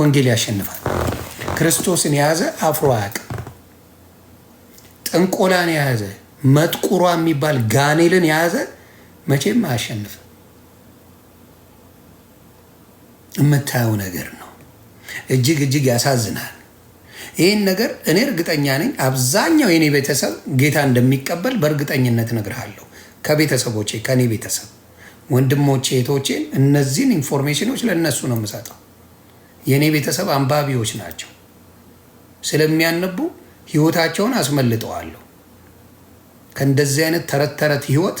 ወንጌል ያሸንፋል። ክርስቶስን የያዘ አፍሮ አያውቅም። ጥንቆላን የያዘ መጥቁሯ የሚባል ጋኔልን የያዘ መቼም አያሸንፍም። የምታየው ነገር ነው። እጅግ እጅግ ያሳዝናል። ይህን ነገር እኔ እርግጠኛ ነኝ አብዛኛው የኔ ቤተሰብ ጌታ እንደሚቀበል በእርግጠኝነት እነግርሃለሁ። ከቤተሰቦቼ ከእኔ ቤተሰብ ወንድሞቼ እህቶቼን እነዚህን ኢንፎርሜሽኖች ለእነሱ ነው የምሰጠው። የእኔ ቤተሰብ አንባቢዎች ናቸው። ስለሚያነቡ ህይወታቸውን አስመልጠዋለሁ። ከእንደዚህ አይነት ተረት ተረት ህይወት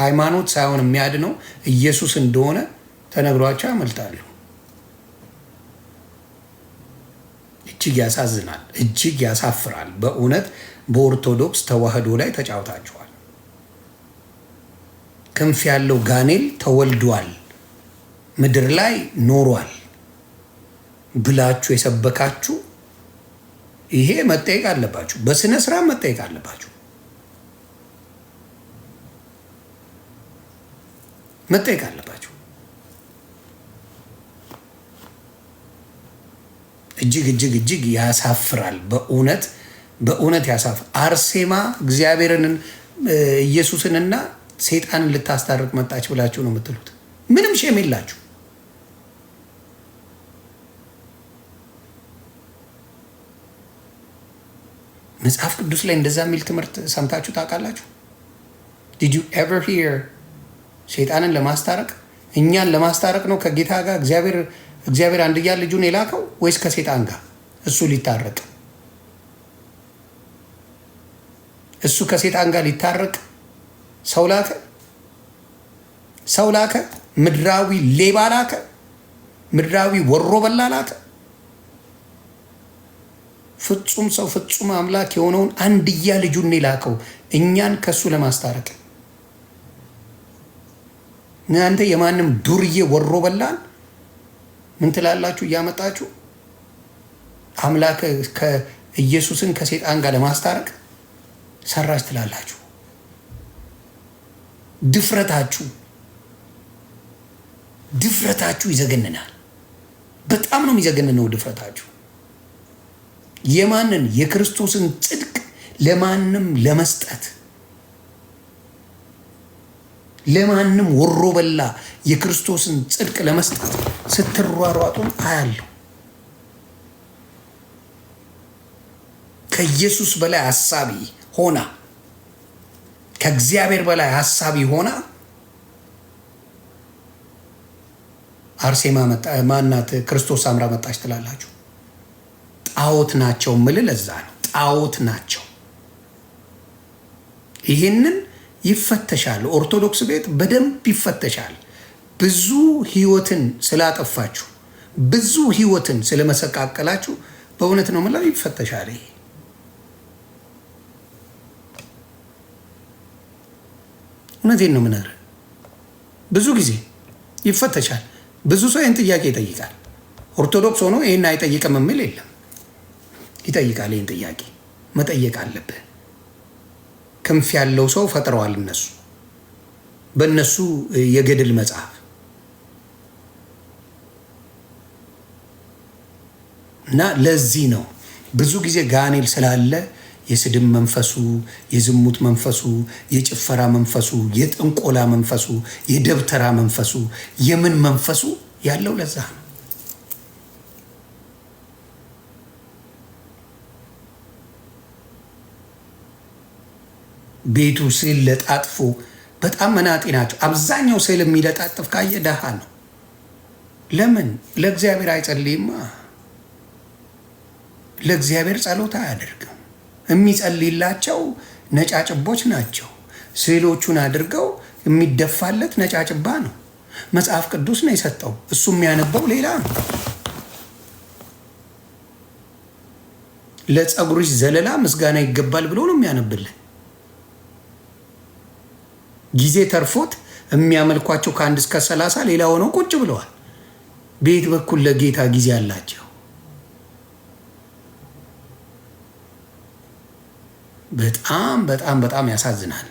ሃይማኖት ሳይሆን የሚያድነው ኢየሱስ እንደሆነ ተነግሯቸው ያመልጣሉ። እጅግ ያሳዝናል። እጅግ ያሳፍራል። በእውነት በኦርቶዶክስ ተዋህዶ ላይ ተጫውታችኋል። ክንፍ ያለው ጋኔል ተወልዷል፣ ምድር ላይ ኖሯል። ብላችሁ የሰበካችሁ ይሄ መጠየቅ አለባችሁ። በስነ ስርዓት መጠየቅ አለባችሁ። መጠየቅ አለባችሁ። እጅግ እጅግ እጅግ ያሳፍራል። በእውነት በእውነት ያሳፍራል። አርሴማ እግዚአብሔርን ኢየሱስንና ሴጣንን ልታስታርቅ መጣች ብላችሁ ነው የምትሉት። ምንም ሼም የላችሁ። መጽሐፍ ቅዱስ ላይ እንደዛ የሚል ትምህርት ሰምታችሁ ታውቃላችሁ? ዲድ ዩ ኤቨር ሂር ሴጣንን ለማስታረቅ እኛን ለማስታረቅ ነው ከጌታ ጋር እግዚአብሔር አንድያ ልጁን የላከው ወይስ ከሴጣን ጋር እሱ ሊታረቅ እሱ ከሴጣን ጋር ሊታረቅ ሰው ላከ ሰው ላከ ምድራዊ ሌባ ላከ ምድራዊ ወሮ በላ ላከ ፍጹም ሰው ፍጹም አምላክ የሆነውን አንድያ ልጁን የላከው እኛን ከሱ ለማስታረቅ። እናንተ የማንም ዱርዬ ወሮ በላን ምን ትላላችሁ? እያመጣችሁ አምላክ ኢየሱስን ከሴጣን ጋር ለማስታረቅ ሰራች ትላላችሁ። ድፍረታችሁ ድፍረታችሁ ይዘገንናል። በጣም ነው የሚዘገንነው ድፍረታችሁ። የማንን የክርስቶስን ጽድቅ ለማንም ለመስጠት ለማንም ወሮ በላ የክርስቶስን ጽድቅ ለመስጠት ስትሯሯጡን አያለሁ። ከኢየሱስ በላይ ሀሳቢ ሆና ከእግዚአብሔር በላይ ሀሳቢ ሆና አርሴማ ማናት ክርስቶስ አምራ መጣች ትላላችሁ። ጣዖት ናቸው ምል ለዛ ነው ጣዖት ናቸው። ይህንን ይፈተሻል። ኦርቶዶክስ ቤት በደንብ ይፈተሻል። ብዙ ህይወትን ስላጠፋችሁ፣ ብዙ ህይወትን ስለመሰቃቀላችሁ በእውነት ነው ምላ ይፈተሻል። ይሄ እውነቴን ነው የምነግርህ። ብዙ ጊዜ ይፈተሻል። ብዙ ሰው ይህን ጥያቄ ይጠይቃል። ኦርቶዶክስ ሆኖ ይህን አይጠይቅም የሚል የለም። ይጠይቃል። ይህን ጥያቄ መጠየቅ አለብህ። ክንፍ ያለው ሰው ፈጥረዋል እነሱ በእነሱ የገድል መጽሐፍ እና ለዚህ ነው ብዙ ጊዜ ጋኔል ስላለ የስድብ መንፈሱ፣ የዝሙት መንፈሱ፣ የጭፈራ መንፈሱ፣ የጥንቆላ መንፈሱ፣ የደብተራ መንፈሱ፣ የምን መንፈሱ ያለው ለዛ ነው። ቤቱ ስዕል ለጣጥፎ በጣም መናጤ ናቸው። አብዛኛው ሴል የሚለጣጥፍ ካየ ደሃ ነው። ለምን ለእግዚአብሔር አይጸልይማ? ለእግዚአብሔር ጸሎት አያደርግም። የሚጸልይላቸው ነጫጭቦች ናቸው። ሴሎቹን አድርገው የሚደፋለት ነጫጭባ ነው። መጽሐፍ ቅዱስ ነው የሰጠው፣ እሱ የሚያነበው ሌላ ነው። ለፀጉርሽ ዘለላ ምስጋና ይገባል ብሎ ነው የሚያነብልን። ጊዜ ተርፎት የሚያመልኳቸው ከአንድ እስከ ሰላሳ ሌላ ሆነው ቁጭ ብለዋል። ቤት በኩል ለጌታ ጊዜ አላቸው? በጣም በጣም በጣም ያሳዝናል።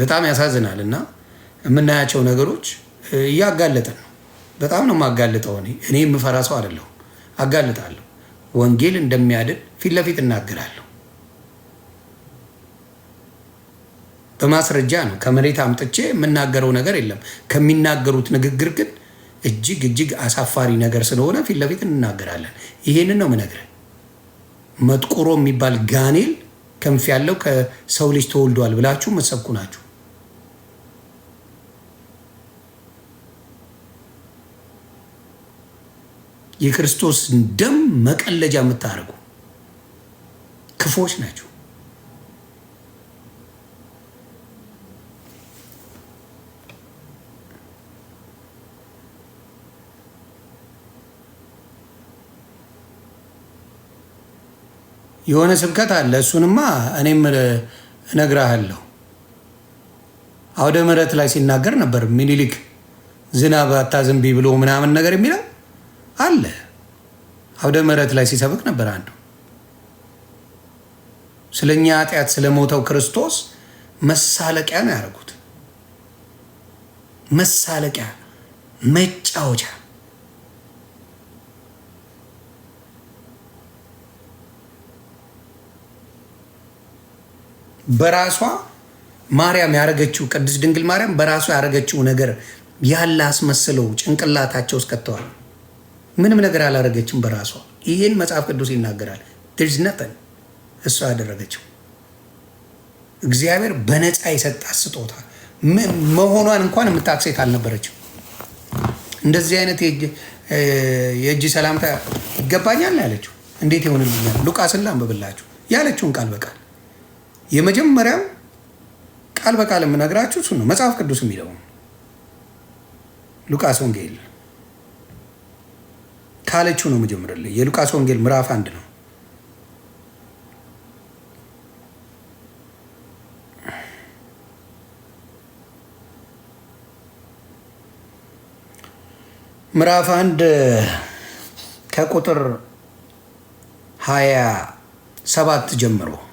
በጣም ያሳዝናል። እና የምናያቸው ነገሮች እያጋለጠን ነው። በጣም ነው የማጋልጠው። እኔ እኔ የምፈራ ሰው አይደለሁም፣ አጋልጣለሁ። ወንጌል እንደሚያድን ፊት ለፊት እናገራለሁ። በማስረጃ ነው። ከመሬት አምጥቼ የምናገረው ነገር የለም። ከሚናገሩት ንግግር ግን እጅግ እጅግ አሳፋሪ ነገር ስለሆነ ፊት ለፊት እንናገራለን። ይሄንን ነው ምነግርህ። መጥቆሮ የሚባል ጋኔል ክንፍ ያለው ከሰው ልጅ ተወልዷል ብላችሁ መሰብኩ ናችሁ። የክርስቶስን ደም መቀለጃ የምታደርጉ ክፎች ናቸው። የሆነ ስብከት አለ። እሱንማ እኔም እነግርሃለሁ። አውደ ምሕረት ላይ ሲናገር ነበር ሚኒሊክ ዝናብ አታዘንቢ ብሎ ምናምን ነገር የሚለው አለ። አውደ ምሕረት ላይ ሲሰብክ ነበር አንዱ ስለ እኛ ኃጢአት ስለሞተው ክርስቶስ መሳለቂያ ነው ያደርጉት። መሳለቂያ፣ መጫወቻ። በራሷ ማርያም ያደረገችው ቅድስት ድንግል ማርያም በራሷ ያደረገችው ነገር ያለ አስመስለው ጭንቅላታቸው እስከተዋል። ምንም ነገር አላደረገችም በራሷ። ይህን መጽሐፍ ቅዱስ ይናገራል። ትርዝነጠን እሷ ያደረገችው እግዚአብሔር በነፃ የሰጣት ስጦታ መሆኗን እንኳን የምታክሴት አልነበረችው። እንደዚህ አይነት የእጅ ሰላምታ ይገባኛል ያለችው እንዴት ይሆንልኛል? ሉቃስን ላንብብላችሁ ያለችውን ቃል በቃል የመጀመሪያው ቃል በቃል የምነግራችሁ ነው። መጽሐፍ ቅዱስ የሚለው ሉቃስ ወንጌል ካለችው ነው መጀመሪያ የሉቃስ ወንጌል ምዕራፍ አንድ ነው። ምዕራፍ አንድ ከቁጥር ሀያ ሰባት ጀምሮ